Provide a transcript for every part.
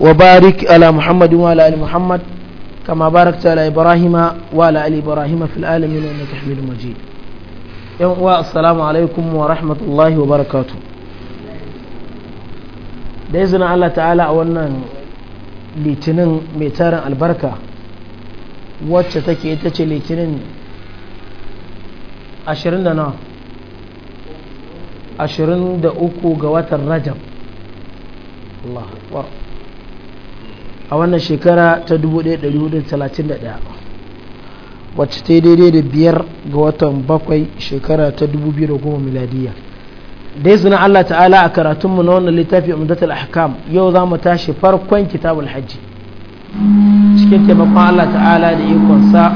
وبارك على محمد وعلى آل محمد كما باركت على إبراهيم وعلى آل إبراهيم في العالمين إنك حميد مجيد يوم السلام عليكم ورحمة الله وبركاته da izinin Allah ta'ala a wannan litinin mai tarin albarka wacce take ita ce litinin 23 ga watan rajab Allah a wannan shekara ta 1431 wacce ta daidai da biyar ga watan bakwai shekara ta 2010 miladiya da suna Allah ta'ala a karatunmu na wannan littafi a umdatul ahkam yau za mu tashi farkon kitabul hajji cikin taimakon Allah ta'ala da ikonsa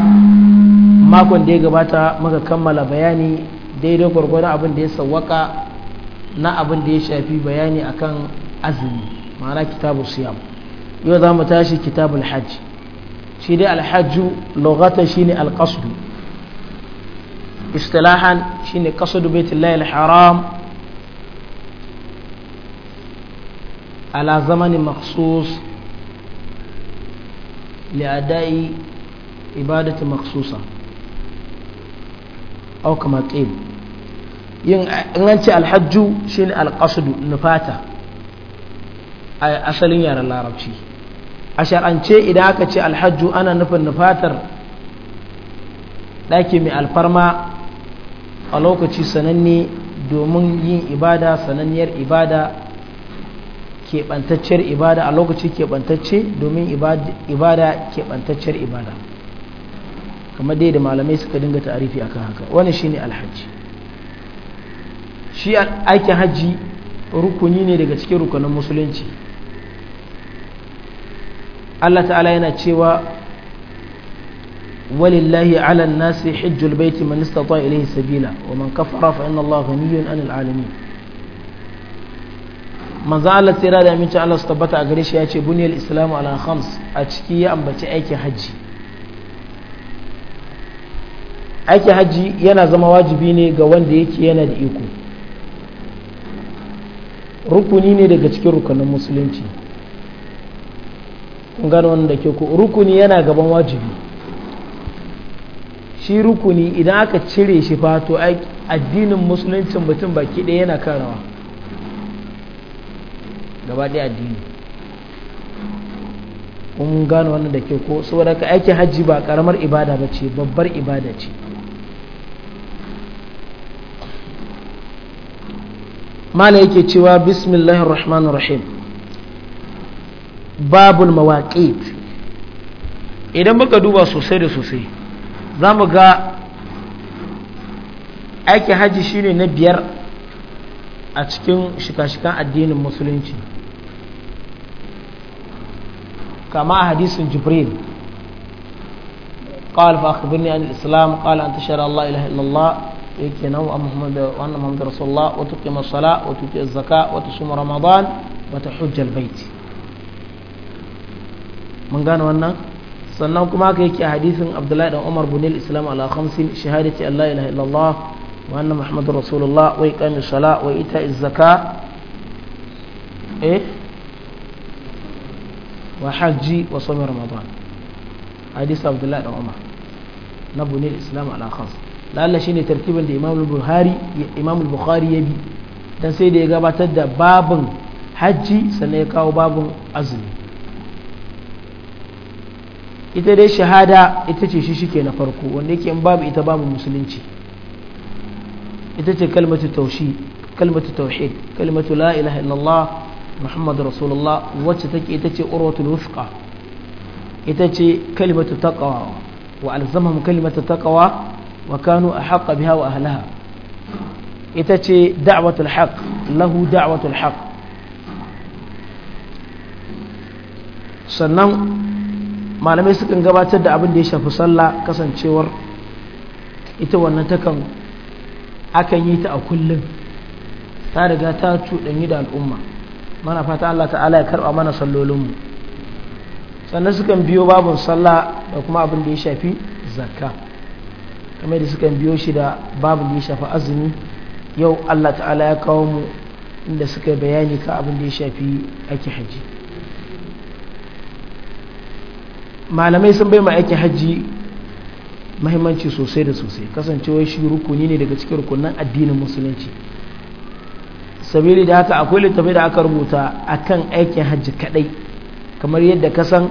makon da ya gabata muka kammala bayani daidai gwargwadon abin da ya sawwaka na abin da ya shafi bayani akan azumi ma'ana kitabul siyam yau za mu tashi kitabul hajj shi dai alhajju lugata shine alqasdu istilahan shine qasdu baitullahi alharam ala zamanin makhsus li'adai ibadati makhsusa aw kama qil yin an ce alhajju shine alqasdu nufata a asalin yaren larabci a shar'ance idan aka ce alhajju ana nufin nufatar ɗaki mai alfarma a lokaci sananne domin yin ibada sananniyar ibada keɓantacciyar ibada a lokaci keɓantacce domin ibada keɓantacciyar ibada kamar dai da malamai suka dinga ta'arifi akan haka wani shine alhaji shi aikin hajji rukuni ne daga cikin rukunin musulunci Allah ta'ala yana cewa walillahi ala nasi hijjul baiti man istata ilayhi sabila wa man kafara fa inna Allah ghaniyyun 'anil 'alamin manzo Allah tsira da aminci Allah su tabbata a gare shi ya ce buniyal islamu ala khams a ciki ya ambaci aikin hajji aikin hajji yana zama wajibi ne ga wanda yake yana da iko rukuni ne daga cikin rukunin musulunci gano wanda ke ku rukuni yana gaban wajibi shi rukuni idan aka cire shi fa to addinin musuluncin mutum baki ɗaya yana karawa gaba ɗaya addini kun gano wannan da ke ko saboda ka aikin hajji ba karamar ibada ba ce babbar ibada ce mala yake cewa bismillahir rahmanir rahim babul mawaƙit idan muka duba sosai da sosai za mu ga aikin hajji shine na biyar a cikin shika-shikan addinin musulunci kama a hadisin jibril قال فأخبرني عن الإسلام قال أن تشهد الله إله إلا الله يكينا محمد وأن محمد رسول الله وتقيم الصلاة وتؤتي الزكاة وتصوم رمضان وتحج البيت mun gane wannan sannan kuma haka yake a hadisin abdullahi dan umar bunil islam ala khamsin shahadati allah ilaha illallah wa anna muhammadur rasulullah wa iqamis sala wa ita'iz zaka eh wa hajji wa sami ramadan hadis abdullahi dan umar na bunil islam ala khams lalla shine tartibin da imam al-bukhari imam al-bukhari ya dan sai da ya gabatar da babun hajji sannan ya kawo babun azumi ita dai shahada ita ce shi shike na farko wanda yake in babu ita babu musulunci ita ce kalmatu taushi kalmatu tauhid kalmatu la ilaha illallah muhammadu rasulullah wacce take ita ce urwatul wufqa ita ce kalmatu taqwa wa alzamahum kalimatu taqwa wa kanu ahaqqa biha wa ahlaha ita ce da'watul haqq lahu da'watul haqq sannan malamai sukan gabatar da abin da ya shafi sallah kasancewar ita wannan takan akan yi ta a kullum ta riga ta cuɗanyi da al'umma mana fata Allah ta'ala ya karɓa mana sallolinmu sannan sukan biyo babin sallah da kuma abin da ya shafi zakka kamar da sukan biyo shi da babin da ya shafi azumi yau Allah ta'ala ya kawo mu inda suka bayani ka abin da ya shafi ake hajji. malamai sun bai ma aikin hajji mahimmanci sosai da sosai kasancewar shi rukuni ne daga cikin rukunan addinin musulunci sabili da haka akwai littafi da aka rubuta akan aikin hajji kadai kamar yadda ka san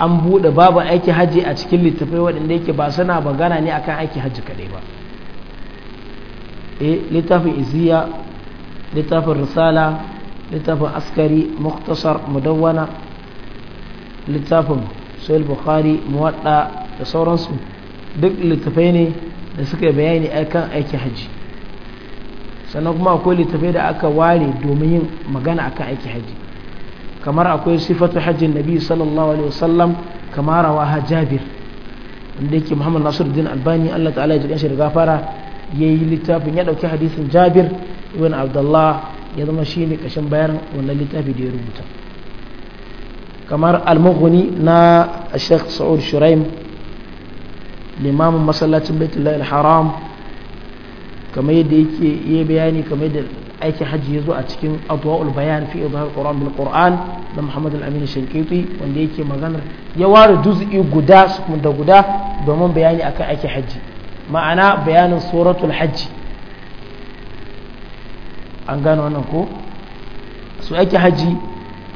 an buɗe babu aikin hajji a cikin littafai waɗanda yake ba suna magana ne akan aikin hajji kadai ba eh littafin iziya littafin risala littafin askari muktasar mudawwana littafin sahih bukhari muwadda da sauransu duk littafai ne da suka bayani akan aikin haji sannan kuma akwai littafai da aka ware domin yin magana akan aikin haji kamar akwai sifatu hajjin nabi sallallahu alaihi wasallam kamar ha jabir wanda yake muhammad nasiruddin albani allah ta'ala ya jikin shi da gafara ya yi littafin ya ɗauki hadisin jabir ibn abdullah ya zama shi ne ƙashin bayan wannan littafi da ya rubuta kamar al-mughni na Sheikh Saud Shuraim limamin masallacin Baitullah al-Haram kamar yadda yake yi bayani kamar yadda aikin hajji ya zo a cikin adwa'ul bayan fi idhar quran bil qur'an da Muhammad al-Amin Shankiti wanda yake maganar ya ware juz'i guda da guda domin bayani akan aikin hajji ma'ana bayanin suratul hajji an gano wannan ko su aikin hajji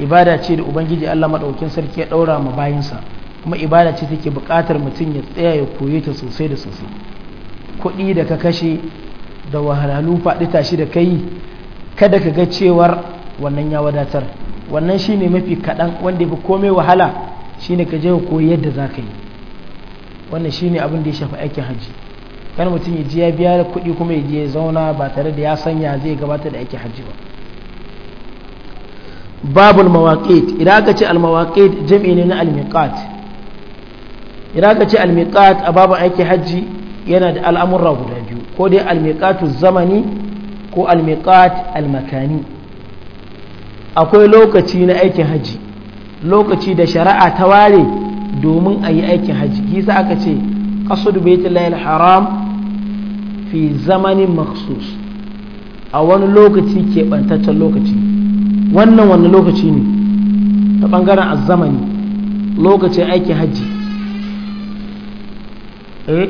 ibada ce da ubangiji Allah maɗaukin sarki ya daura ma bayansa kuma ibada ce take buƙatar mutum ya tsaya ya koye ta sosai da sosai kuɗi da ka kashe da wahalhalu faɗi tashi da kai kada ka ga cewar wannan ya wadatar wannan shine mafi kaɗan wanda fi komai wahala shine ka je ka koyi yadda za ka yi wannan shine abin da ya shafi aikin hajji kan mutum ya ji ya biya kuɗi kuma ya je ya zauna ba tare da ya sanya zai gabatar da aikin hajji ba babul mawaqit idan aka ce al-mawaqit ne na al idan aka ce al a babu aiki hajji yana da al'amurra guda biyu ko dai al zamani ko al almakani akwai lokaci na aikin hajji lokaci da shari'a ta ware domin a yi aikin hajji kisa aka ce qasdu baitullahi haram fi zamanin maksus a wani lokaci keɓantaccen lokaci wannan wanne lokaci ne ta bangaren azzamani lokacin aikin hajji eh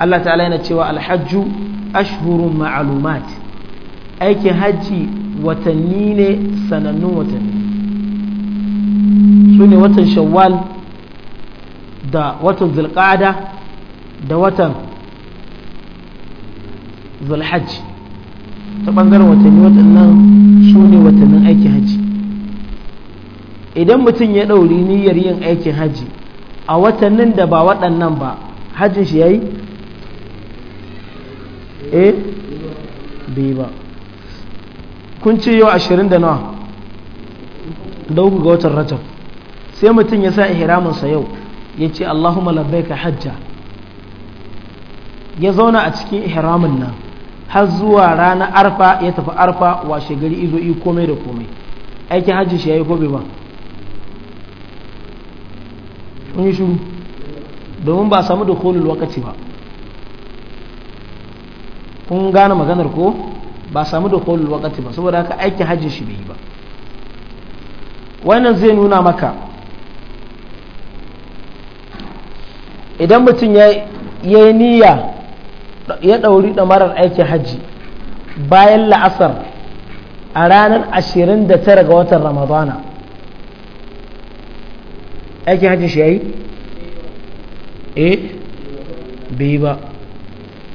Allah ta'ala yana cewa alhajju ashhurun ma'alumat aikin hajji watanni ne sanannun watanni su ne watan shawwal da watan zulqa'ada da watan zulhajj ta bangaren watanni waɗannan su ne watannin aikin hajji idan mutum ya ɗauri niyyar yin aikin hajji a watannin da ba waɗannan ba hajjin shi ya yi? eh bai ba kun ce yau ashirin da nawa da ga watan rajab sai mutum ya sa ihraminsa yau ya ce allahumma ka hajja ya zauna a cikin ihramin nan har zuwa ranar arfa ya tafi arfa washe gari izo yi komai da komai aikin hajji shi ya yi kobe ba kun yi shuru domin ba samu da kolul lokaci ba kun gane maganar ko ba samu da kolul lokaci ba saboda haka aikin hajji shi bai yi ba wannan zai nuna maka idan mutum ya yi niyya ya ɗauri ɗamarar aikin hajji bayan la'asar a ranar 29 ga watan ramadana aikin hajji shi ya yi? eh bai ba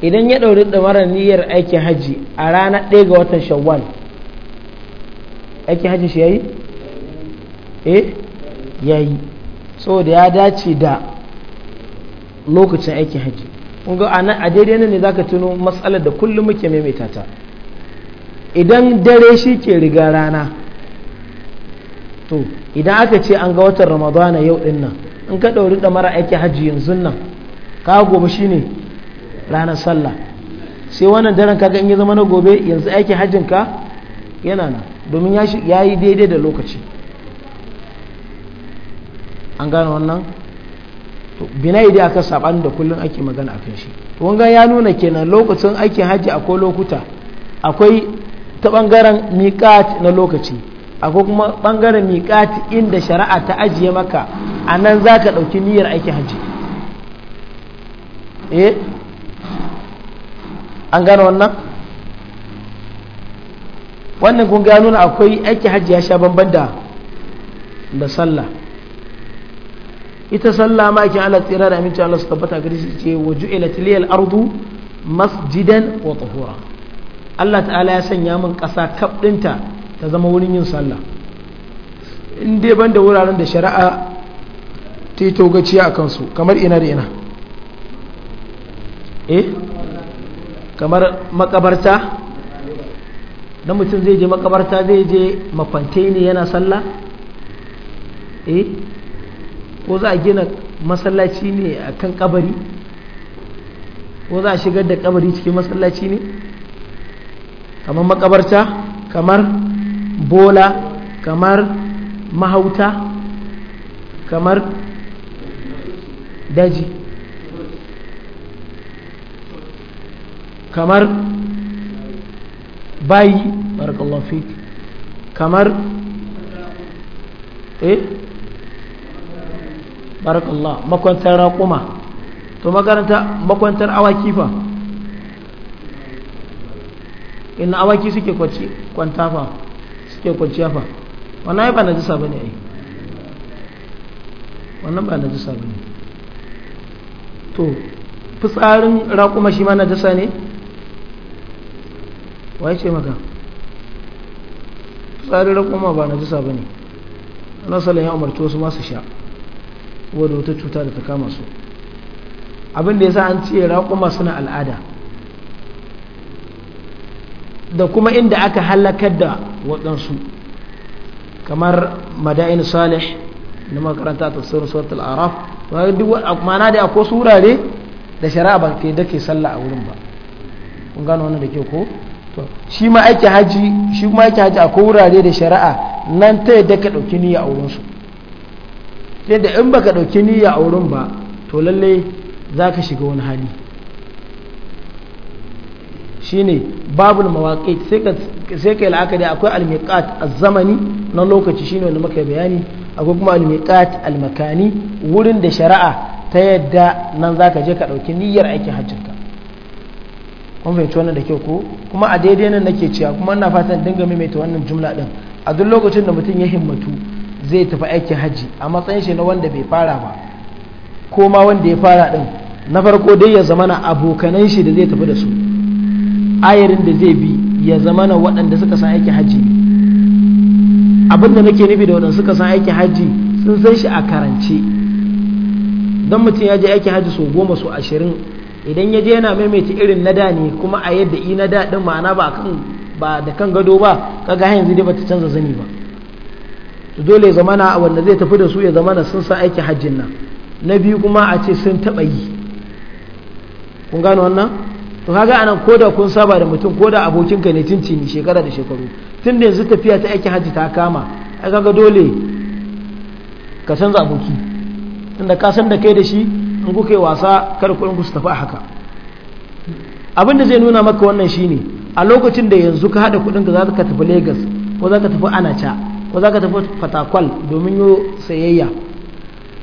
idan ya ɗauri ɗamarar niyyar aikin hajji a ranar 1 ga watan shawwal aikin hajji shi ya yi? eh ya yi saboda ya dace da lokacin aikin hajji ga a daidai nan ne zaka tuno matsalar da kullum muke maimaita ta idan dare shi ke riga rana to idan aka ce an ga watan ramadana yau din nan in ka ɗauri da mara aiki hajji yanzu nan ka gobe shi ne ranar sallah sai wannan daren kaga in ya zama na gobe yanzu aiki hajjin ka yana nan domin ya yi daidai da lokaci an gane wannan binai idi aka saban da kullun ake magana akan shi wanga ya nuna kenan lokacin aikin hajji akwai lokuta akwai ta bangaren miqat na lokaci akwai kuma bangaren miqat inda shari'a ta ajiye maka a nan za ka ɗauki niyyar aikin hajji eh an gano wannan wannan kun gano akwai aikin hajji ya sha bamban da sallah ita sallah ma kin Allah tsira da aminci Allah su tabbata gari su ce wa ju'ilat liyal ardu masjidan wa tahura Allah ta'ala ya sanya min kasa kaf ta zama wurin yin sallah in dai ban da wuraren da shari'a ta yi togaci a kansu kamar ina da ina eh kamar makabarta na mutum zai je makabarta zai je mafantai ne yana sallah eh ko za a gina masallaci ne a kan kabari ko za a shigar da kabari cikin masallaci ne kamar makabarta kamar bola kamar mahauta kamar daji kamar bayi barakallahu fiki kamar eh barakallah makwantar raƙuma to makaranta makwantar awaki fa inna awaki suke kwanci kwanta fa suke kwanciya fa wannan ba na jisa bane ai wannan ba na jisa bane to fitsarin raƙuma shi ma na jisa ne wai ce maka fitsarin raƙuma ba na jisa bane Allah sallallahu alaihi sallam ya umarci wasu masu sha wadda wata cuta da ta kama su abin da sa an ce raƙuma suna al'ada da kuma inda aka halakar da waɗansu kamar madain salih na makaranta ta tafsirin suratul araf ma'ana da akwai wurare da shari'a ba ke dake sallah a wurin ba kun gano wani da ke ko to shi ma ake haji shi ma ake haji akwai wurare da shari'a nan ta yadda ka ɗauki niyya a wurinsu sai da in baka ɗauki niyya a wurin ba to lalle za ka shiga wani hali shine babul mawaƙi sai ka yi la'akari akwai almiqat zamani na lokaci shine wanda maka bayani akwai kuma almiqat almakani wurin da shari'a ta yadda nan za ka je ka ɗauki niyyar aikin hajjinka kun fahimci wannan da kyau ko kuma a daidai nan nake cewa kuma ina fatan dinga maimaita wannan jumla ɗin a duk lokacin da mutum ya himmatu zai tafi aikin hajji a matsayin shi na wanda bai fara ba ko ma wanda ya fara din na farko dai ya zamana abokanan shi da zai tafi da su ayarin da zai bi ya zamana waɗanda suka san aikin hajji abin da nake nufi da waɗanda suka san aikin hajji sun san shi a karance don mutum ya je aikin hajji sau goma sau ashirin idan ya je yana maimaita irin na da ne kuma a yadda i na da din ma'ana ba ba da kan gado ba kaga yanzu dai bata canza zani ba su dole ya zamana wanda zai tafi da su ya zamana sun san aikin hajjin nan na biyu kuma a ce sun taɓa yi kun gano wannan to kaga anan koda kun saba da mutum koda abokinka ne ni shekara da shekaru tun da yanzu tafiya ta aikin hajji ta kama ai kaga dole ka canza aboki tunda ka san da kai da shi in kuka yi wasa kar kuɗin ku tafi a haka abin da zai nuna maka wannan shine a lokacin da yanzu ka haɗa kuɗin ka za ka tafi Legas ko za ka tafi Anacha ko za ka tafi fatakwal domin yo sayayya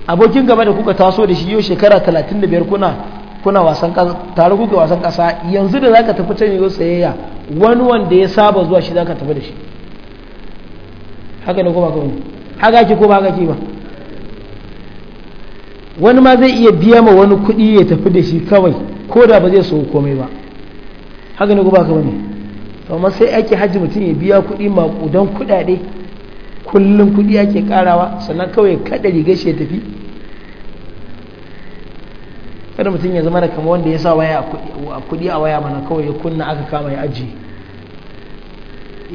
abokin gaba da kuka taso da shi yau shekara 35 kuna kuna wasan kasa tare kuka wasan kasa yanzu da za ka tafi can yo sayayya wani wanda ya saba zuwa shi za ka tafi da shi haka ne ko ba kawai haka ke ko ba haka ke ba wani ma zai iya biya ma wani kuɗi ya tafi da shi kawai ko da ba zai so komai ba haka ne ko ba kawai ne amma sai ake hajji mutum ya biya kuɗi maƙudan kuɗaɗe kullum kudi ake karawa sannan kawai kaɗa rigar shi ya tafi kada mutum ya zama da kama wanda ya sa waya a kudi a waya mana kawai ya kunna aka kama ya ajiye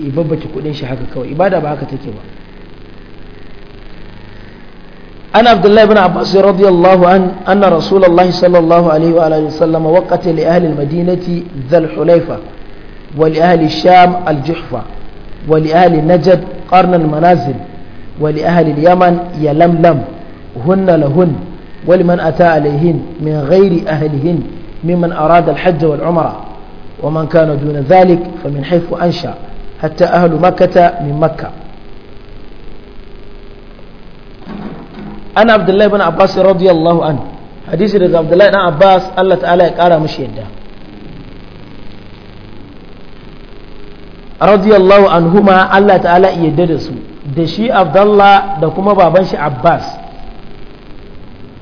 ya babbace kuɗin shi haka kawai ibada ba haka take ba أنا عبد الله بن عباس رضي الله عنه أن رسول الله صلى الله عليه وآله وسلم وقت لأهل المدينة ذا الحليفة ولأهل الشام الجحفة ولأهل نجد وقرن المنازل ولأهل اليمن يلملم هن لهن ولمن أتى عليهن من غير أهلهن ممن أراد الحج والعمرة ومن كان دون ذلك فمن حيث أنشأ حتى أهل مكة من مكة أنا عبد الله بن عباس رضي الله عنه حديث عبد الله بن عباس الله تعالى قال مش يده radiyallahu anhuma Allah ta'ala ya da su da shi Abdullah da kuma baban shi Abbas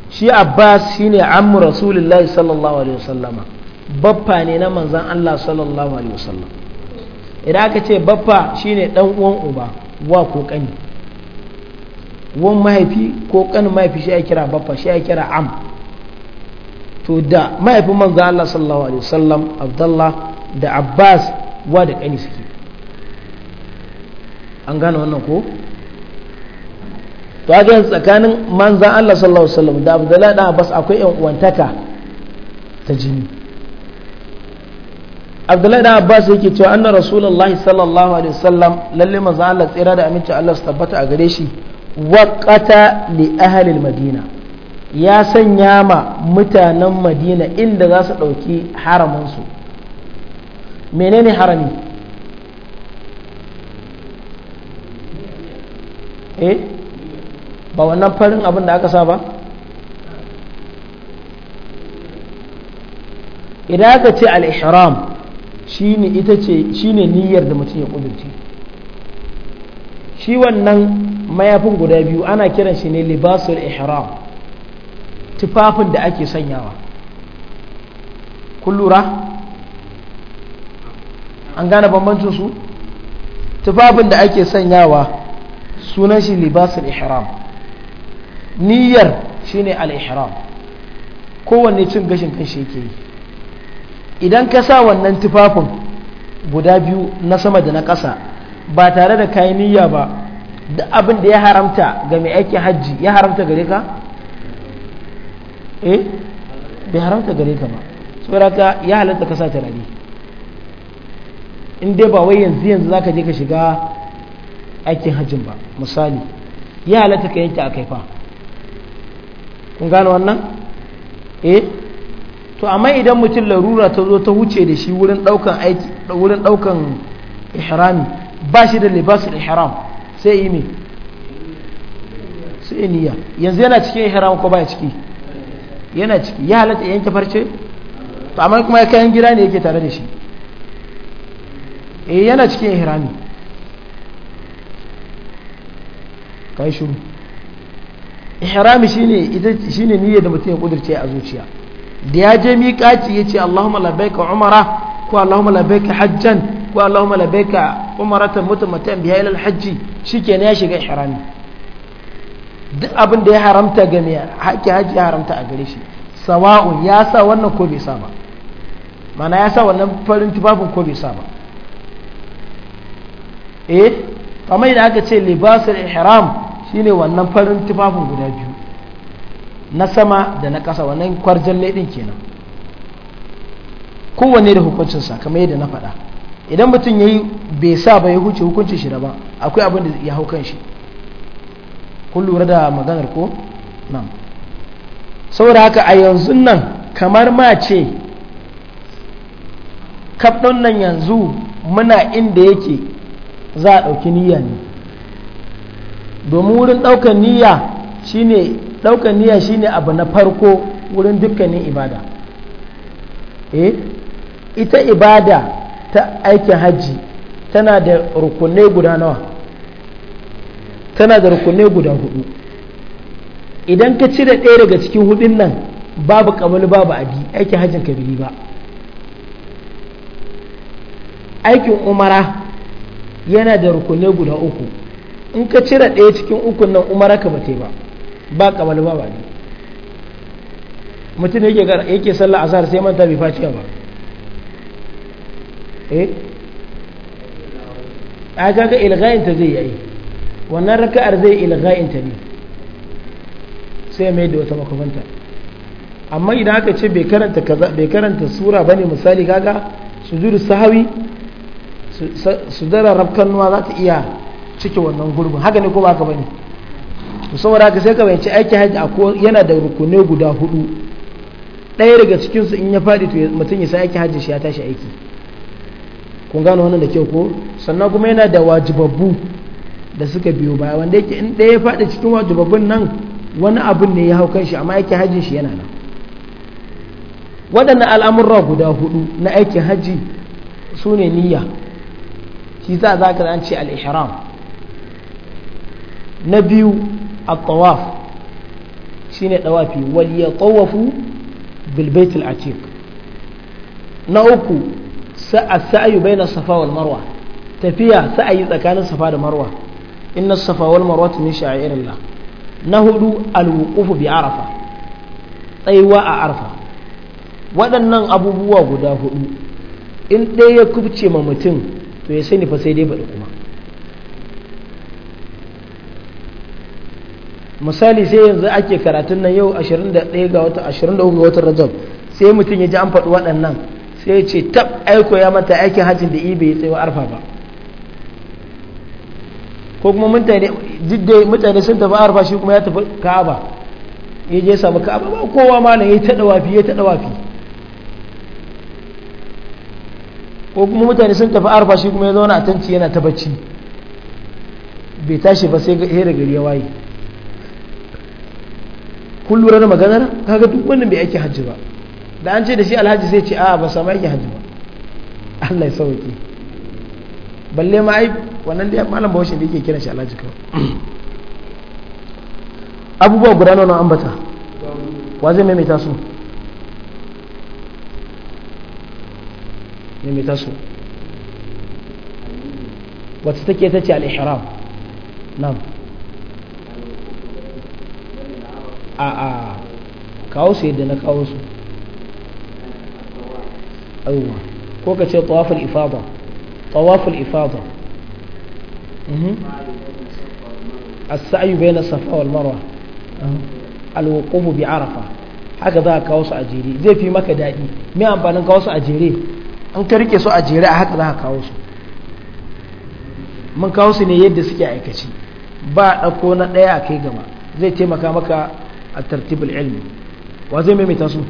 shi Abbas shine ammu Rasulullahi sallallahu alaihi wasallama baffa ne na manzon Allah sallallahu alaihi wasallam idan aka ce baffa shine dan uwan uba wa ko kani wan mahaifi ko kan mahaifi shi ya kira baffa shi ya kira am to da mahaifin manzon Allah sallallahu alaihi wasallam Abdullah da Abbas wa da kani suke an gane wannan ko to ga tsakanin manzan Allah sallallahu alaihi wasallam da Abdullahi dan Abbas akwai yan uwantaka ta jini Abdullahi dan Abbas yake cewa anna Rasulullahi sallallahu alaihi wasallam lalle manzan Allah tsira da aminci Allah su tabbata a gare shi waqata li ahli madina ya sanya ma mutanen Madina inda za su ɗauki haramin su menene harami eh ba wannan farin abin da aka sa ba idan aka ce al-ihram shine ita ce shine niyyar da mutum ya kudurce shi wannan mayafin guda biyu ana kiran shi ne libasul ihram tufafin da ake sanyawa kullura lura an gane bambancin su tufafin da ake sanyawa sunan shi libasul ihram niyyar shine al-ihram kowanne cin gashin kan shi yake yi idan ka sa wannan tufafin guda biyu na sama da na ƙasa ba tare da kayan niyya ba duk abin da ya haramta ga mai aikin hajji ya haramta gare ka eh bai haramta gare ka ba saboda ya halatta ka sa tarari in dai ba wai yanzu yanzu zaka je ka shiga aikin hajjin ba misali ya halatta ka yanke a fa kun gane wannan eh to amma idan mutum larura ta zo ta wuce da shi wurin daukan aiki wurin daukan ihrami ba shi da libasul ihram sai yi me sai niyya yanzu yana cikin ihram ko ya ciki yana ciki ya halatta yanke farce to amma kuma ya kayan gida ne yake tare da shi eh yana cikin ihrami kai shiru ihrami shine ita shine niyya da mutum ya kudirce a zuciya da ya je miƙaci ya ce Allahumma labbaika umara ko Allahumma labbaika hajjan ko Allahumma labbaika umaratan mutamattan biha ila alhajji shikenan ya shiga ihrami duk abin da ya haramta ga mai haƙƙi haji ya haramta a gare shi sawa'un ya sa wannan ko bai sa ba mana ya sa wannan farin tufafin ko bai sa ba eh kamar yadda aka ce libasul ihram shine wannan farin tufafin guda biyu na sama da na ƙasa wannan kwarjan din kenan kowanne da hukuncinsa kamar yadda na faɗa idan mutum yayi bai sa ba ya huce hukuncin shi da ba akwai abin da ya hau kan shi kun lura da maganar ko nan saboda haka a yanzu nan kamar ma ce kaf nan yanzu muna inda yake za a ɗauki niyya ne domin wurin ɗaukar niyya shine ɗaukar niyya shine abu na farko wurin dukkanin ibada eh ita ibada ta aikin hajji tana da rukunai guda nawa tana da rukunai guda hudu idan ka cire ɗaya daga cikin hudun nan babu kamar babu abi aikin hajjin ka bai ba aikin umara yana da rukunai guda uku in ka cire ɗaya cikin ukun nan umara ka bate ba ba kabal ba ba ne mutum yake yake sallah azhar sai manta bai faciya ba eh a kaga ilghayin ta zai yi wannan raka'ar zai ilghayin ta ne sai mai da wata makamanta amma idan aka ce bai karanta kaza bai karanta sura bane misali kaga sujudu sahawi sujjadar rafkannuwa za ta iya cike wannan gurbin haka ne ko ba ka bane saboda haka sai ka bayanci aikin hajji yana da rukunai guda hudu ɗaya daga cikinsu in ya faɗi to mutum ya san aikin hajji shi ya tashi aiki kun gano wannan da kyau ko sannan kuma yana da wajibabbu da suka biyo baya wanda yake in ɗaya ya faɗi cikin wajibabbun nan wani abun ne ya hau kan shi amma aikin hajjin shi yana nan waɗannan al'amurra guda hudu na aikin hajji su ne niyya shi za za ka an ce al na biyu at-tawaf shine tawafi waliya yatawafu bil bait na uku as-sa'yu bayna safa wal marwa tafiya sa'ayi tsakanin safa da marwa inna safa wal marwa min sha'irillah na hudu alwukufu wuqufu bi arafa tsayuwa a arfa waɗannan abubuwa guda hudu in ɗaya ya kubce ma mutum to ya sani fa sai dai baɗi kuma misali sai yanzu ake karatun nan yau 21 ga watan 23 ga watan rajab sai mutum ya ji an faɗi waɗannan sai ya ce tab aiko ya manta aikin hajjin da ibe ya tsaye arfa ba ko kuma mutane sun tafi arfa shi kuma ya tafi ka'aba ya je samu ka'aba ba kowa ma na ya taɗa wafi ya taɗa wafi ko kuma mutane sun tafi arfa shi kuma ya zauna a tanci yana ta bacci bai tashi ba sai da gari ya waye kun lura da maganar kaga duk wannan bai aiki hajji ba da an ce da shi alhaji sai ce a ba samu aiki hajji ba Allah ya sauke balle ma ai wannan da malam bahaushe da yake kira shi alhaji kawai abubuwa guda nawa ambata wa zai maimaita su da mai wata take ta ce al-ihram nam a a kawo su yadda na kawo su aiwa ko ka ce tawaful ifada tawaful ifada السعي بين الصفا والمروة الوقوف بعرفة haka za a kawo su a jere zai fi maka daɗi me amfanin kawo su a jere an ka rike su a jere a haka za ka kawo su mun kawo su ne yadda suke aikaci ba ɗauko na ɗaya a kai gama zai taimaka maka a tartibul ilmi wa zai maimaita su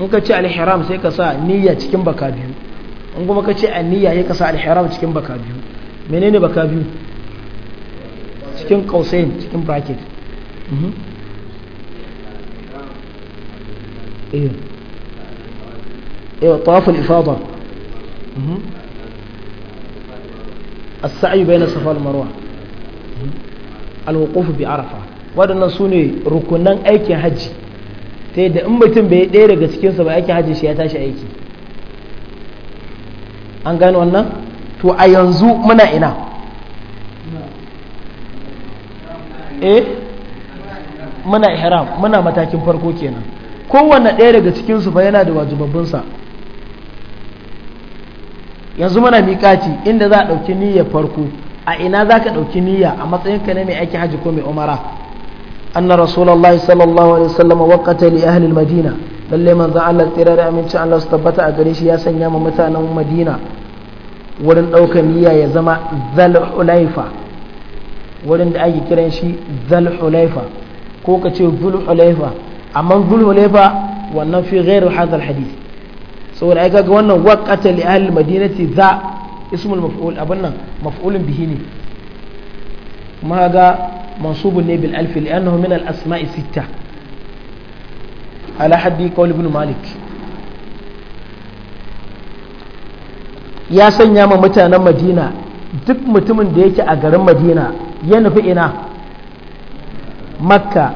In ka ce al-hiram sai ka sa niyya cikin baka biyu. in kuma ka ce aniyya ya kasa alhiram cikin baka biyu menene baka biyu cikin kausayin cikin bracket ايه طواف الافاضه السعي بين الصفا والمروه الوقوف بعرفه waɗannan su ne rukunan حج hajji ta yadda in mutum bai ɗaya daga cikinsa ba aikin hajji shi ya tashi aiki an gane wannan to a yanzu muna ina eh muna ihram muna matakin farko kenan kowanne ɗaya daga cikinsu fa yana da wajibabbinsa yanzu muna miƙaci inda za a ɗauki niyyar farko a ina za ka ɗauki niyya a matsayinka ne mai aiki hajji ko mai umara anna rasulallah sallallahu alaihi wasallam waqata li ahli madina lalle manzon Allah tsira da aminci Allah su tabbata a gare shi ya sanya ma mutanen Madina wurin ɗaukar niyya ya zama zal hulaifa wurin da ake kiran shi zal hulaifa ko ka ce zul hulaifa amma zul hulaifa wannan fi ghairu hadal hadith saboda ai kaga wannan waqata li madinati za ismul maf'ul abin nan maf'ulun bihi ne kuma ga mansubun ne bil alfi li'annahu min al asma'i sittah ala haddi qawl ibn malik ya sanya ma mutanen madina duk mutumin da yake a garin madina ya nufi ina makka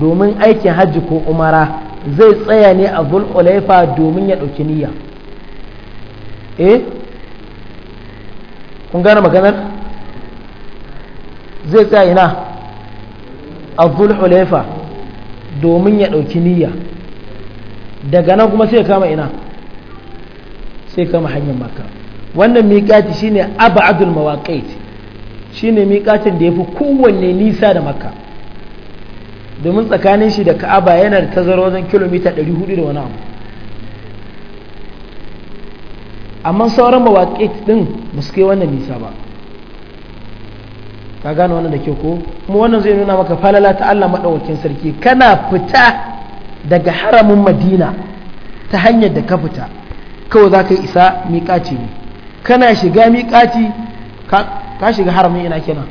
domin aikin hajji ko umara zai tsaya ne a zul'ulaifa domin ya ɗauki niyya eh kun gane maganar zai tsaya ina a zul'ulaifa domin ya ɗauki niyya daga nan kuma sai kama ina sai kama hanyar makka wannan miƙati shine abadul mawaqit shine miƙatin da ya fi kowanne nisa da makka domin tsakanin shi da ka'aba yana da tazara wajen kilomita 400 da wani abu amma sauran mawaqit din ba kai wannan nisa ba ka gane wannan da ke ko kuma wannan zai nuna maka falala ta Allah madaukakin sarki kana fita daga haramin madina ta hanyar da ka fita kawai za ka isa miƙaci ne kana shiga miƙaci ka shiga haramin ina kenan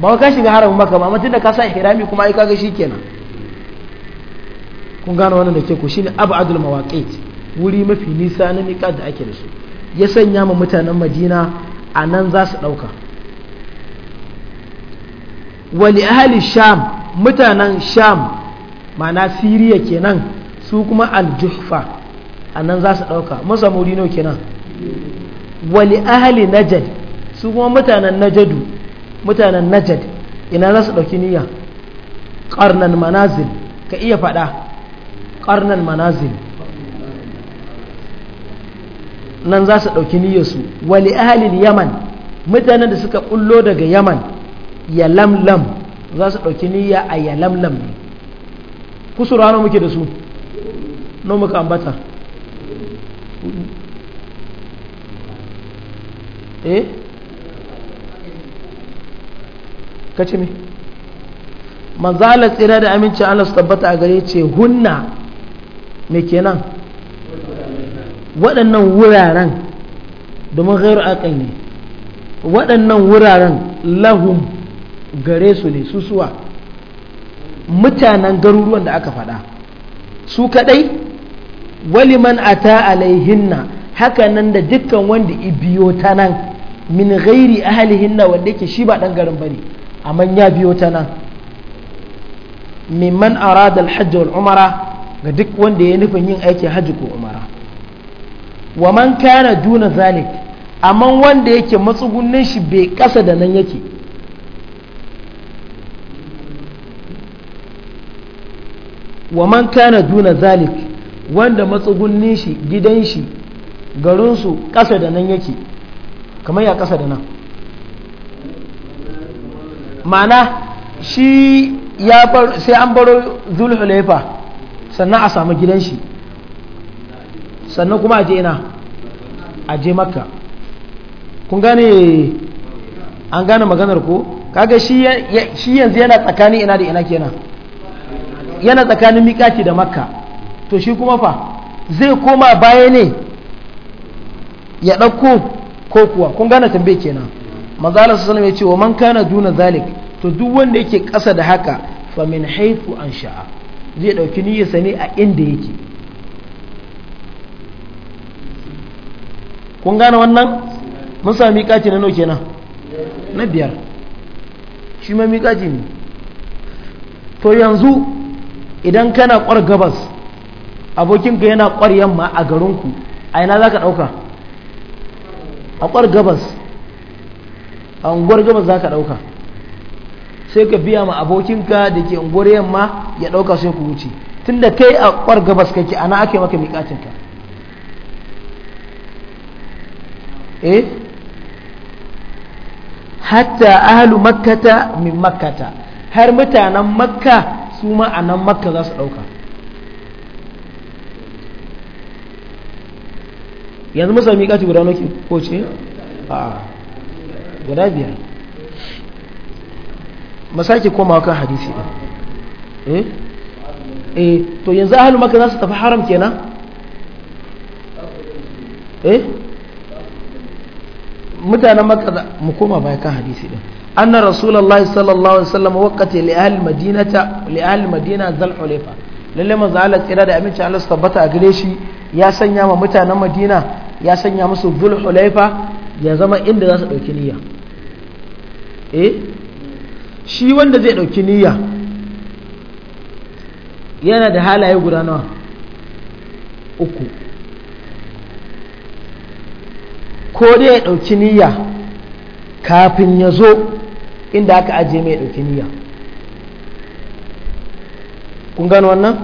ba ka shiga haramin maka ba mutum da ka sa hirami kuma ai kaga shi kenan kun gane wannan da ke ku shine adul mawaqit wuri mafi nisa na miƙa da ake da su ya sanya ma mutanen madina a nan za su ɗauka wali ahli sham mutanen sham ma'ana siriya kenan su kuma aljuhfa a nan za su ɗauka masa murino kenan wali ahali najad su kuma mutanen najadu mutanen najad ina za su ɗauki niyya ƙarnan manazil ka iya faɗa ƙarnan manazil nan za su ɗauki niyyarsu wali ahalin yaman mutanen da suka ƙullo daga yaman ya lamlam za su ɗauki niyya a yalamlam ne kusura nawa muke da su nawa muka ambata eh kace me manzo tsira da amincin Allah su tabbata a gare ce hunna me kenan waɗannan wuraren domin gairu a ne waɗannan wuraren lahum gare su ne susuwa mutanen garuruwan da aka faɗa su kaɗai waliman ata alaihinna nan da dukkan wanda ibiyo ta nan min ghairi ahalihinna wanda yake shi ba ɗan garin bane amma ya biyo ta nan mimman arada alhajj wal umara ga duk wanda ya nufin yin aikin hajji ko umara wa man kana duna zalik amma wanda yake matsugunnin shi bai kasa da nan yake wa man kana duna zalik wanda matsugunnin shi gidan shi garinsu ƙasa da nan yake kamar ya ƙasa da nan mana shi ya bar sai an baro zulhulaifa sannan a samu gidan shi sannan kuma a je ina a je makka kun gane an gane maganar ko kaga shi yanzu yana tsakani ina da ina kenan yana tsakanin miƙati da makka to shi kuma fa zai koma baya ne ya ɗauko ko kuwa kun gane tambaye kenan manzala sallallahu ya ce wa man kana duna zalik to duk wanda yake ƙasa da haka fa min haifu an sha'a zai ɗauki niyyarsa ne a inda yake kun gane wannan mun sami miƙati na nauke nan na biyar shi ma miƙati ne to yanzu idan kana kwar gabas abokinka yana kwar yamma a garinku a ina za ka ɗauka a kwar gabas a unguwar gabas za ka ɗauka sai ka biya ma abokinka da ke unguwar yamma ya ɗauka sai ku wuce tunda kai a kwar gabas kake ana ake maka miƙatinka eh hatta ahalu makkata min makkata har mutanen makka su ma a nan makka za su ɗauka yanzu masa miƙati guda nake ko ce a guda biyar masake komawa kan hadisi ɗin eh, eh to yanzu ahalu makka za su tafi haram kenan eh mutanen makka mu koma baya kan hadisi ɗin أن رسول الله صلى الله عليه وسلم وقت لأهل المدينة لأهل المدينة ذا الحليفة lalle manzo Allah tsira da aminci Allah tabbata a gare shi ya sanya ma mutanen Madina ya sanya musu dhul ya zama inda za su dauki niyya eh? shi wanda zai dauki niyya yana da halaye guda nawa uku ko dai ya dauki niyya kafin ya zo inda aka ajiye mai ɗauki niyya kun gano wannan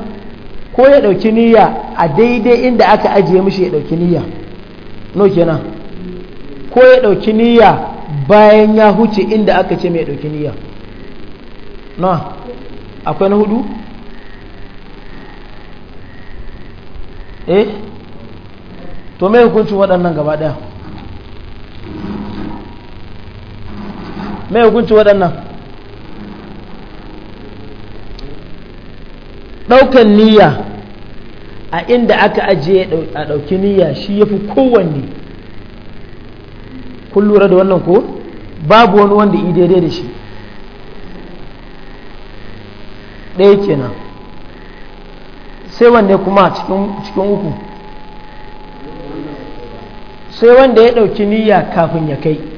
ko ya ɗauki niyya a daidai inda aka ajiye mishi ya ɗauki niyya no kenan ko ya ɗauki niyya bayan ya huce inda aka ce mai ɗauki niyya na akwai na hudu eh to mai hukuncin waɗannan gaba ɗaya mai hukunci waɗannan ɗaukan niyya a inda aka ajiye a ɗauki niyya shi ya fi kowanne kun lura da wannan ko babu wani wanda i daidai da shi ɗaya kenan sai wanne kuma cikin uku sai wanda ya ɗauki niyya kafin ya kai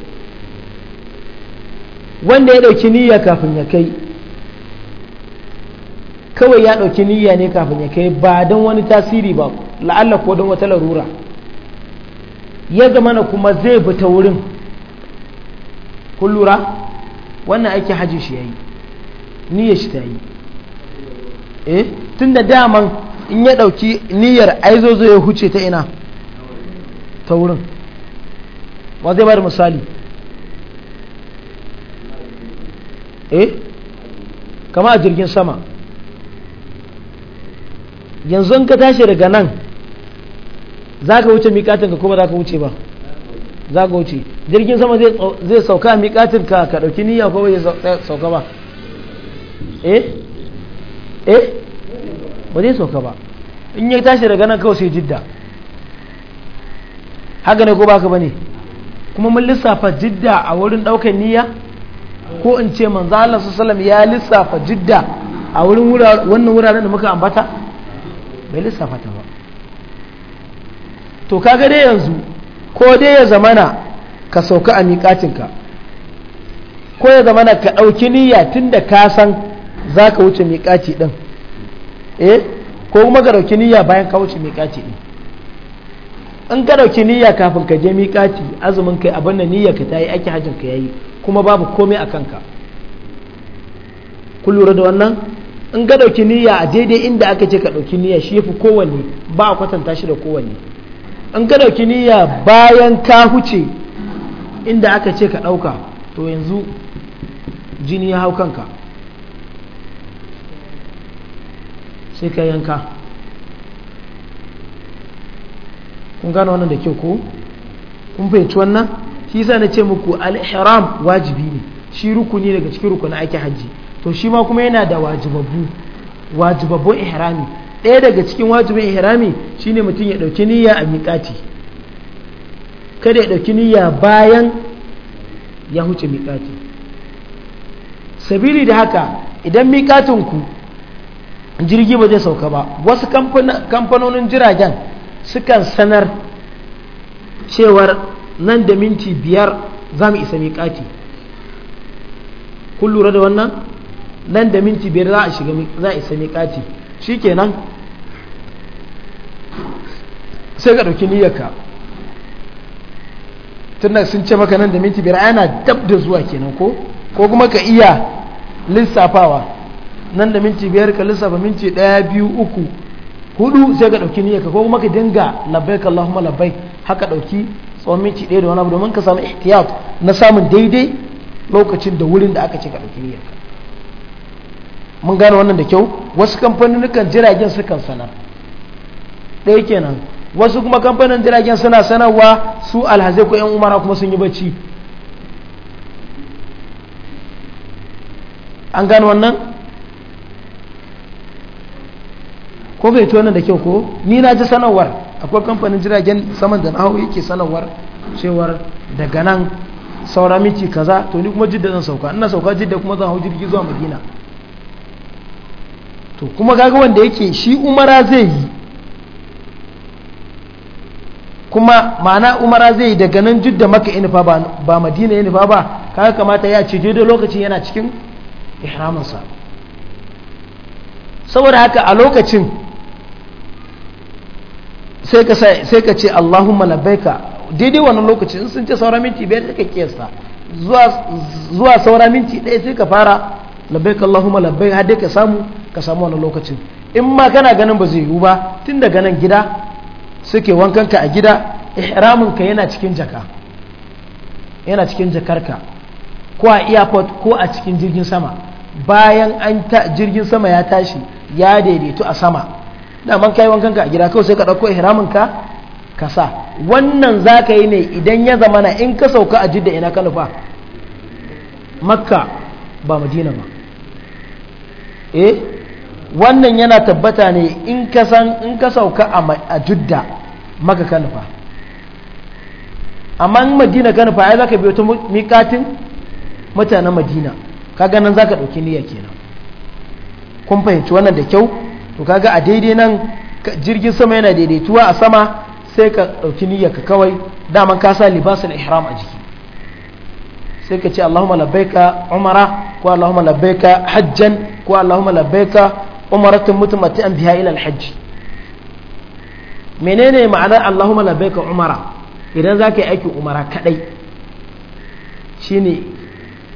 wanda ya ɗauki niyya kafin ya kai kawai ya ɗauki niyya ne kafin ya kai ba don wani tasiri ba la'alla ko don wata larura ya zama na kuma zai bi ta wurin kun lura wannan aiki hajji shi ya yi niyya shi ta yi eh tun da daman in ya ɗauki niyyar aizozo ya huce ta ina ta wurin wa zai bada misali eh kama a jirgin sama yanzu ka tashi daga nan za ka wuce miƙatinka ko ba za ka wuce ba za ka wuce jirgin sama zai sauka a miƙatinka ka ɗauki niyya ko ba zai sauka ba eh eh ba zai sauka ba in ya tashi daga nan kawai sai jidda haka ne ko ba ka ba ne kuma mun lissafa jidda a wurin ɗaukar niyya ko in ce manzo Allah sallallahu ya lissafa jidda a wurin wannan wuraren da muka ambata bai lissafa ta ba to kaga dai yanzu ko dai ya zamana ka sauka a miƙatinka ko ya zamana ka ɗauki niyya tun da ka san za ka wuce miƙaci ɗin eh ko kuma ka ɗauki niyya bayan ka wuce miƙaci ɗin in ka ɗauki niyya kafin ka je miƙaci azumin kai abin da niyya ka ta yi ake hajjin ka yayi kuma babu komai a kanka ku lura da wannan in ga ɗauki niyya a daidai inda aka ce ka ɗauki niyya shi fi kowanne ba a kwatanta shi da kowanne in ka ɗauki niyya bayan ka huce inda aka ce ka ɗauka to yanzu jini ya hau kanka sai ka yanka kun gano wannan da kyau ko kun fahimci wannan shi yasa na ce muku al-ihram wajibi ne shi rukuni daga cikin rukunin aikin hajji to shi ma kuma yana da wajibabbu wajibabbun ihrami ɗaya daga cikin wajibin ihrami shine mutum ya ɗauki niyya a miƙati kada ya ɗauki niyya bayan ya huce miƙati sabili da haka idan miƙatinku jirgi ba zai sauka ba wasu kamfanonin jiragen sukan sanar cewar nan da minti biyar za mu isa miƙati kun lura da wannan nan da minti biyar za a shiga za a isa miƙati kenan sai ka ɗauki niyyarka tunda sun ce maka nan da minti biyar ana dab da zuwa kenan ko ko kuma ka iya lissafawa nan da minti biyar ka lissafa minti ɗaya biyu uku hudu sai ka ɗauki niyyarka ko kuma ka dinga labbaik Allahumma labbaik haka ɗauki tsawon minti ɗaya da wani abu domin ka samu ihtiyat na samun daidai lokacin da wurin da aka ce ka ɗauki niyyarka mun gane wannan da kyau wasu kamfanin jiragen su kan sanar ɗaya kenan wasu kuma kamfanin jiragen suna sanarwa su alhazai ko yan umara kuma sun yi bacci an gano wannan ko bai tona da kyau ko ni na ji sanarwar akwai kamfanin jiragen saman da nahawu yake sanarwar cewar daga nan saura miki kaza to ni kuma jidda zan sauka ina sauka jidda kuma zan hau jirgi zuwa madina to kuma gaga wanda yake shi umara zai yi kuma ma'ana umara zai yi daga nan jidda maka inifa ba madina inifa ba kaga kamata ya ce daidai lokacin yana cikin ihraminsa saboda haka a lokacin sai ka ce Allahumma labbaika daidai wannan lokaci sun ce saura minti biyar da ka kiyasta zuwa zuwa saura minti ɗaya sai ka fara labbaika Allahumma labbaika har dai ka samu ka samu wannan lokacin in ma kana ganin ba zai yiwu ba tun daga nan gida suke wankan ka a gida ihramin ka yana cikin jaka yana cikin jakarka ko a airport ko a cikin jirgin sama bayan an jirgin sama ya tashi ya daidaitu a sama daman kai wankan ka a gida kawai sai ka ɗauko ihramin ka ka sa wannan za ka yi ne idan ya zama na in ka sauka a jidda ina ka nufa makka ba madina ba eh wannan yana tabbata ne in ka san in ka sauka a jidda maka ka nufa amma in madina ka nufa ai za ka biyo ta miƙatin mutanen madina kaga nan za ka ɗauki niyya kenan kun fahimci wannan da kyau to kaga a daidai nan jirgin sama yana daidaituwa a sama sai ka ɗauki niyya ka kawai daman ka sa libasul ihram a jiki sai ka ce Allahumma labbaika umara ko Allahumma labbaika hajjan ko Allahumma labbaika umaratun an biha ila alhajj menene ma'anar Allahumma labbaika umara idan za ka yi aikin umara kadai shine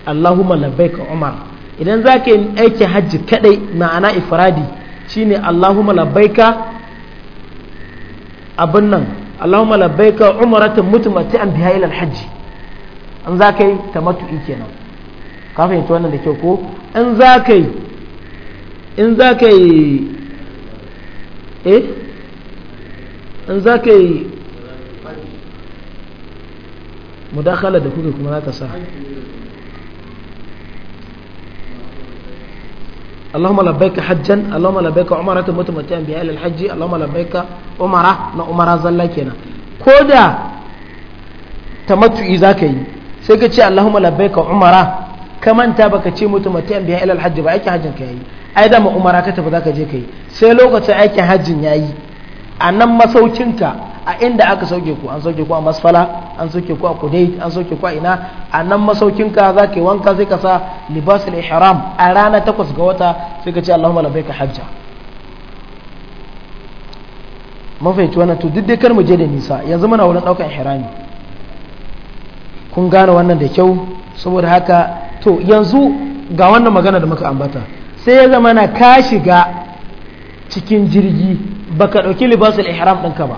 Allahumma labbaika umara idan za ka yi aikin hajji kadai ma'ana ifradi ne Allahumma labbaika abin nan Allahumma labbaika umratun mutumati an biya ilal hajji an za kai tamattu'i kenan ka fahimci wannan da kyau ko in za kai in za kai eh in za kai mudakhala da kuke kuma za ka sa اللهم لبيك حجا اللهم لبيك عمرة متمتعين بها إلى الحج اللهم لبيك عمرة نا عمرة زلا كودا تمتعي ذاكي سيكتشي اللهم لبيك عمرة كمان تابك تشي متمتعين بها إلى الحج بأيك حجا كي أيضا ما عمرة كتب ذاك جيكي سيلوك تأيك حجا ياي أنما سوچنك a inda aka sauke ku an sauke ku a masfala an sauke ku a kudai an sauke ku a ina a nan masaukin ka za ka wanka sai ka sa libasul ihram a rana takwas ga wata sai ka ce Allahumma labbaika hajja mafaici wannan to duk dai kar mu je da nisa yanzu muna wurin daukan ihrami kun gane wannan da kyau saboda haka to yanzu ga wannan magana da muka ambata sai ya zama na ka shiga cikin jirgi baka dauki libasul ihram ɗinka ba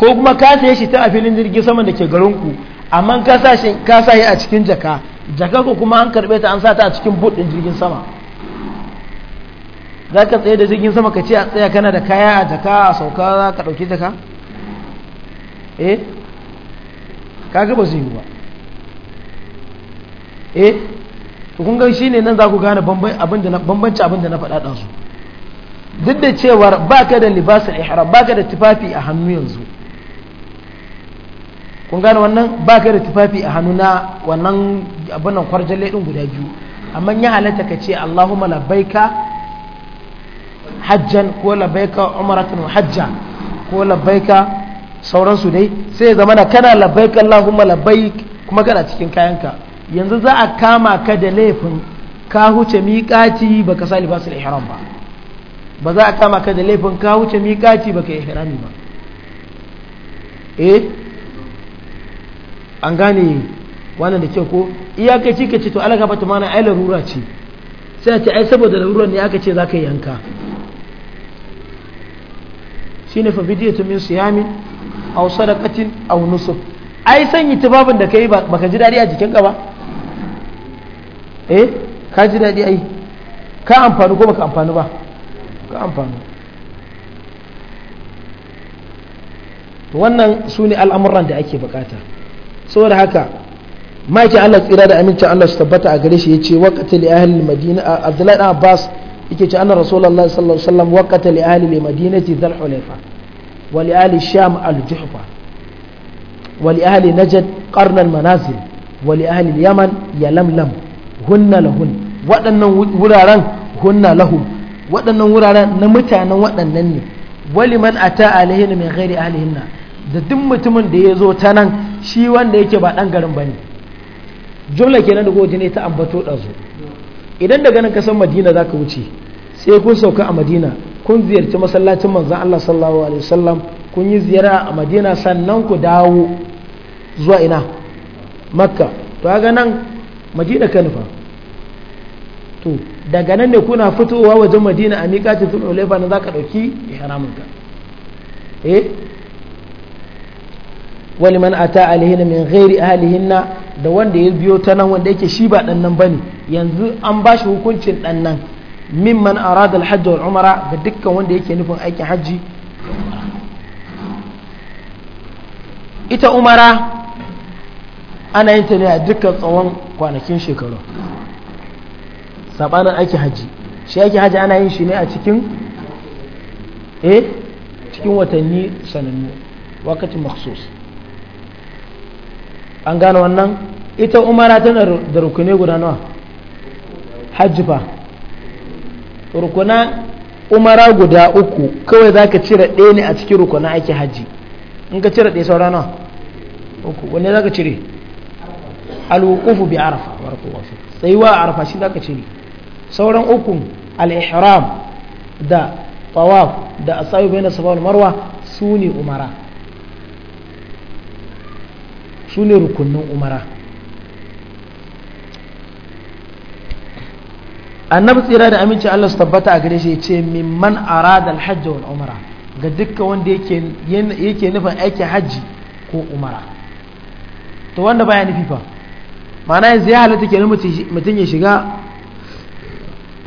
ko kuma ka saye shi ta a filin jirgin saman da ke garinku amma ka sa shi a cikin jaka jaka ko kuma an karɓe ta an sa ta a cikin buɗin jirgin sama za ka tsaye da jirgin sama ka ce a tsaya kana da kaya a jaka a sauka za ka ɗauki jaka eh ka ba su yi ba eh kun ga shi ne nan za ku gane bambanci abin da na faɗa ɗansu duk da cewar ba ka da libasin ihram ba ka da tufafi a hannu yanzu kun gane wannan ba ka da tufafi a hannu na wannan abin nan din guda biyu amma ya halatta ka ce Allahumma labbaika hajjan ko labbaika umratan hajja ko labbaika sauransu dai sai ya zama kana labbaika Allahumma labbaik kuma kana cikin kayanka yanzu za a kama ka da laifin ka huce miƙaci baka sa libasul ihram ba ba za a kama ka da laifin ka huce miƙaci baka ihrami ba eh an gane wannan da ke ko iya ka ce to alaka ba ta mana ai larura ce sai ta ai saboda larura ne aka ce za ka yanka shine fa bidiyatu min siyamin aw sadaqatin aw nusuk ai sanyi tubabin da kai baka ji dadi a jikin ka ba eh ka ji dadi ai ka amfani ko baka amfani ba ka amfani wannan su ne al'amuran da ake bukata saboda haka maki Allah tsira da amincin Allah su tabbata a gare shi ya yace waqata li ahli madina a Abdullahi ibn Abbas yake ce anna rasulullah sallallahu alaihi wasallam waqata li ahli madinati dhul hulaifa wa li ahli sham al juhfa wa li ahli najd qarn al manazil wa li ahli yaman yalamlam hunna lahun waɗannan wuraren hunna lahum waɗannan wuraren na mutanen waɗannan ne waliman ata alaihin min ghairi ahlihinna da duk mutumin da ya zo ta nan shi wanda yake ba ɗan garin ba ne jumla ke nan da goji ne ta ambato ɗazu idan daga nan kasan madina za ka wuce sai kun sauka a madina kun ziyarci masallacin manzan allah sallallahu alaihi wasallam kun yi ziyara a madina sannan ku dawo zuwa ina makka to ga nan madina ka nufa to daga nan ne kuna fitowa wajen madina a miƙa miƙatin tululaifa na za ka ɗauki ihramunka eh wani man ata alihinna min ghairi ahlihinna da wanda ya biyo ta nan wanda yake shi ba dan nan bane yanzu an ba shi hukuncin dan nan mimman arada alhajj wal umara ga dukkan wanda yake nufin aikin hajji. ita umara ana yin ta ne a dukkan tsawon kwanakin shekaru sabanin aikin hajji shi aikin hajji ana yin shi ne a cikin eh cikin watanni sanannu wakati makhsus an gano wannan ita umara tana da rukune guda nawa hajji fa rukuna umara guda uku kawai za ka cire ɗaya ne a cikin rukuna ake hajji in ka cire ɗaya saura nawa uku wanne za ka cire alwukufu bi arafa tsayuwa a arafa shi za ka cire sauran uku al-ihram da tawaf da asabi na safa marwa su ne umara su ne rukunin umara annabi tsira da aminci Allah su tabbata a gare shi ce mimman arada alhajj wal umara ga dukkan wanda yake nufin aikin hajji ko umara to wanda baya nufi fa ma'ana yanzu ya halatta kenan mutum ya shiga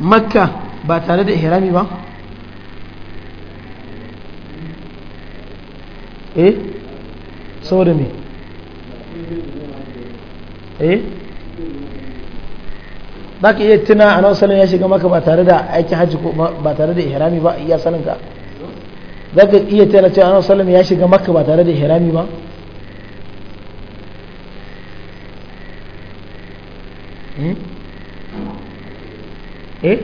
makka ba tare da ihrami ba eh saboda me eh za ka iya tuna a nan ya shiga maka ba tare da aikin hajji ko ba tare da ihrami ba iya salinka za ka iya tuna cewa a nan ya shiga maka ba tare da ihrami ba hmm? eh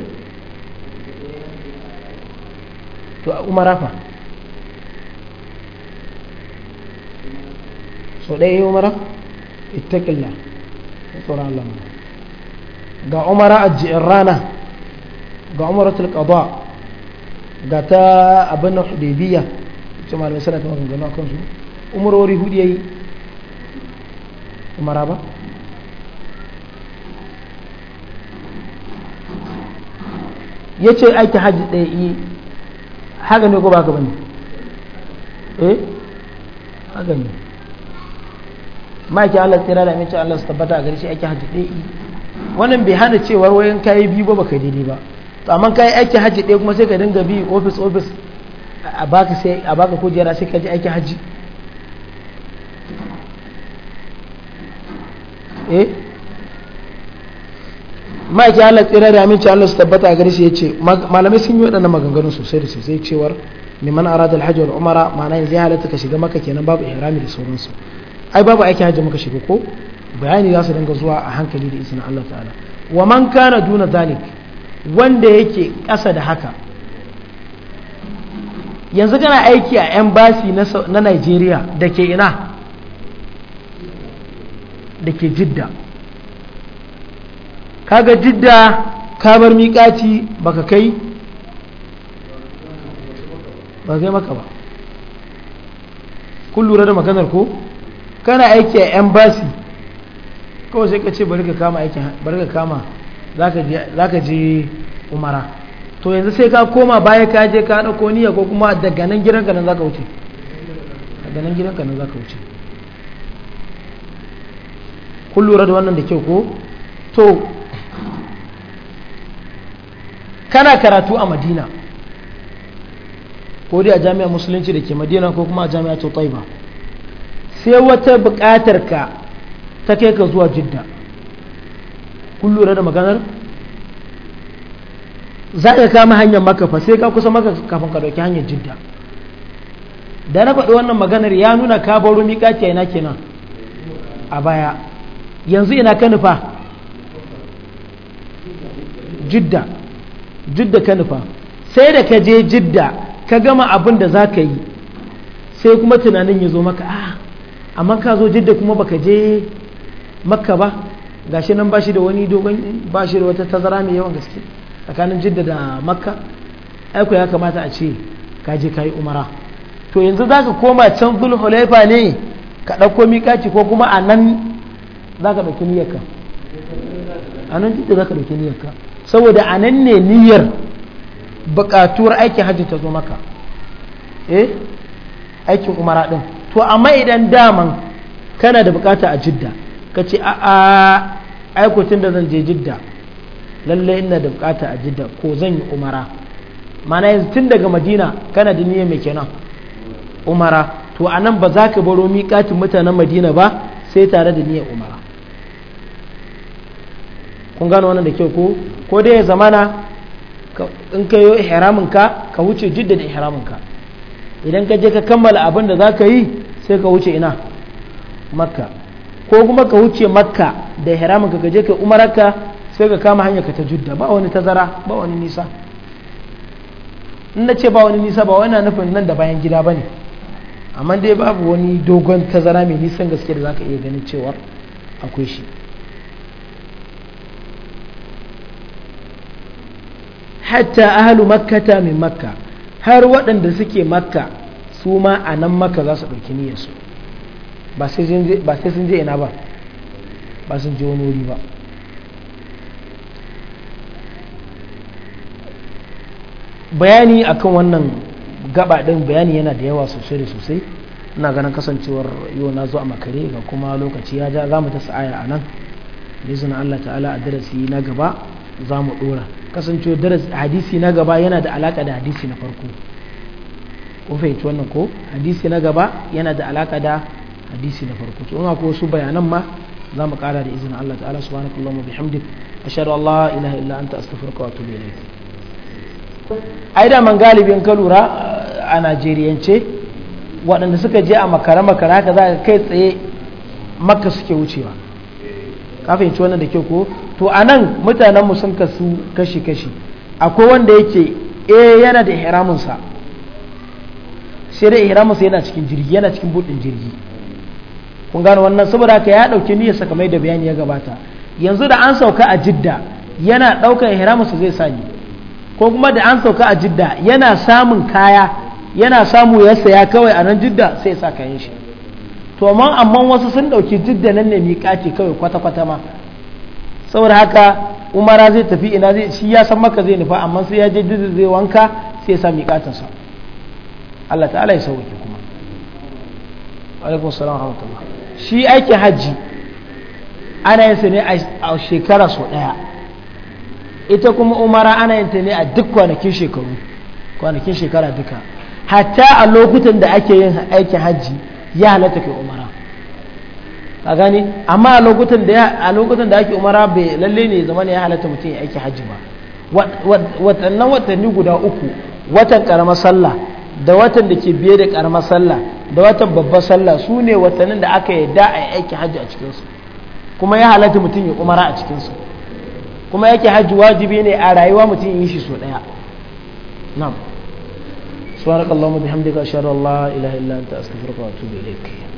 to umara fa so ɗaya yi umara ittaƙilla ya tsoron Allah ma ga umara a ji'in rana ga umara tulƙaba ga ta abin na hudibiyya ita malamai sanata ta gano a kansu umarori hudu ya yi umara ba ya ce aiki hajji ɗaya yi haka ne ko ba ka bane eh haka ne ke Allah sai da mace Allah su tabbata a garshi aiki hajji ɗaya wannan bai hana cewar wayan kayi biyu ba baka daidai ba to amma kayi aiki hajji ɗaya kuma sai ka dinga bi ofis ofis a baka sai a baka kujera sai ka je aiki hajji eh maki Allah tsira da aminci Allah su tabbata a garshi yace malamai sun yi waɗannan maganganu sosai da sosai cewar neman man arada alhaji wal umara ma'ana yanzu ya halatta ka shiga maka kenan babu ihrami da sauransu ai babu aiki hajji muka shiga ko bayani za su dinga zuwa a hankali da isna Allah ta'ala wa man kana duna zalik wanda yake ƙasa da haka yanzu kana aiki a embassy na Nigeria da ke ina da ke jidda kaga jidda ka bar miƙaci baka kai ba kai maka ba kun lura da maganar ko kana aiki a embassy kawai sai ka ce bari ka kama za ka je umara to yanzu sai ka koma baya ka je ka ɗauko niyya ko kuma daga nan gidanka ka nan za ka wuce daga nan nan za ka wuce kun lura da wannan da kyau ko to kana karatu a madina ko dai a jami'ar musulunci da ke madina ko kuma a jami'ar taiba sai wata buƙatar ka ta kai ka zuwa jidda kun lura da maganar za ka kama hanyar maka fa sai ka kusa maka kafin ka ɗauki hanyar jidda da na faɗi wannan maganar ya nuna ka baro a ina kenan a baya yanzu ina ka nufa jidda jidda ka nufa sai da ka je jidda ka gama abin da za ka yi sai kuma tunanin ya zo maka a ah, amma ka zo jidda kuma baka je makka ba gashi nan bashi da wani dogon bashi da wata tazara mai yawan gaske tsakanin jidda da makka aiko ya kamata a ce ka je ka yi umara to yanzu za ka koma can hulaifa ne ka ɗauko miƙaci ko kuma a nan za ka ɗauki niyyarka a nan jidda za ka ɗauki niyyarka saboda a nan ne niyyar buƙatuwar aikin hajji ta zo maka eh aikin umara ɗin to amma idan daman kana da bukata a jidda ka ce a a aikutun da zan je jidda lalle ina da bukata a jidda ko zan yi umara mana yanzu tun daga madina kana da niyyar mai kenan umara to a nan ba za ka baro miƙatin mutanen madina ba sai tare da niyyar umara kun gano wannan da kyau ko dai ya zamana in ka yi ihraminka ka ka wuce jidda da ihraminka ka idan ka je ka kammala abin da za ka yi sai ka wuce ina makka ko kuma ka wuce makka da haramun ka gaje ka umaraka sai ka kama hanyar ka ta judda ba wani tazara ba wani nisa in na ce ba wani nisa ba wani nufin nan da bayan gida ba ne amma dai babu wani dogon tazara mai nisan gaske da zaka iya ganin cewa akwai shi hatta ahalu makkata min makka har waɗanda suke makka su ma a nan maka za su ɗauki niyyarsu ba sai sun je ina ba ba sun je wani wuri ba bayani akan wannan gaba ɗin bayani yana da yawa sosai da sosai ina ganin kasancewar yau na zuwa makare ga kuma lokaci ya ja za mu ta sa'aya a nan bizin Allah ta'ala a darasi na gaba za mu ɗora kasancewar hadisi na gaba yana da alaƙa da hadisi na farko kun fahimci wannan ko hadisi na gaba yana da alaka da hadisi na farko to ina ko wasu bayanan ma za mu kara da izinin Allah ta'ala subhanahu wa bihamdik ashhadu an la ilaha illa anta astaghfiruka wa atubu ilayk ai da man galibin ka lura a Najeriyance waɗanda suka je a makara makara haka za ka kai tsaye makka suke wucewa ka fahimci wannan da ke ko to anan mutanen mu sun kasu kashi kashi akwai wanda yake E! yana da ihramin sa sai dai ihramin masa yana cikin jirgi yana cikin budin jirgi kun gano wannan saboda haka ya ɗauki niyyar sa kamar da bayani ya gabata yanzu da an sauka a jidda yana daukar ihramin masa zai sani ko kuma da an sauka a jidda yana samun kaya yana samu ya saya kawai a nan jidda sai sa kayan shi to amma amma wasu sun ɗauki jidda nan ne miƙati kawai kwata kwata ma saboda haka umara zai tafi ina zai shi ya san maka zai nufa amma sai ya je jidda zai wanka sai ya sa miƙatinsa Allah ta'ala ya sauke kuma alaikum salam rahmatullah shi aikin hajji ana yin sa ne a shekara sau daya ita kuma umara ana yin ta ne a duk kwanakin shekaru kwanakin shekara duka hatta a lokutan da ake yin aikin hajji ya halatta kai umara ka gani amma a lokutan da a lokutan da ake umara bai lalle ne zama ne ya halatta mutum ya aiki hajji ba Watannan watanni guda uku watan karamar sallah da watan da ke biye da karamar sallah da watan babbar sallah su ne watannin da aka yadda a aiki hajji a cikinsu kuma ya halatta mutum ya umara a cikinsu kuma yake hajji wajibi ne a rayuwa mutum yi shi so daya na'am subhanakallahumma bihamdika ashhadu an la ilaha illa anta astaghfiruka wa atubu ilayk